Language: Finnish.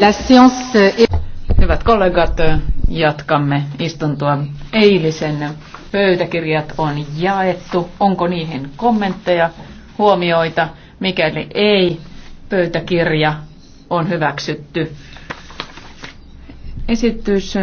La Hyvät kollegat, jatkamme istuntoa. Eilisen pöytäkirjat on jaettu. Onko niihin kommentteja, huomioita? Mikäli ei, pöytäkirja on hyväksytty. Esitys